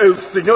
el Señor.